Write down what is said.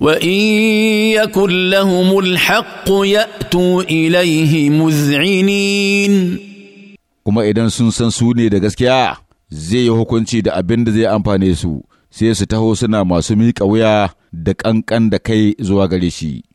وان يكن لهم الحق ياتوا اليه مذعنين kuma idan sun san sune da gaskiya zai yi hukunci da abin da zai amfane su sai su taho suna masu miƙa wuya da ƙanƙan da kai zuwa gare shi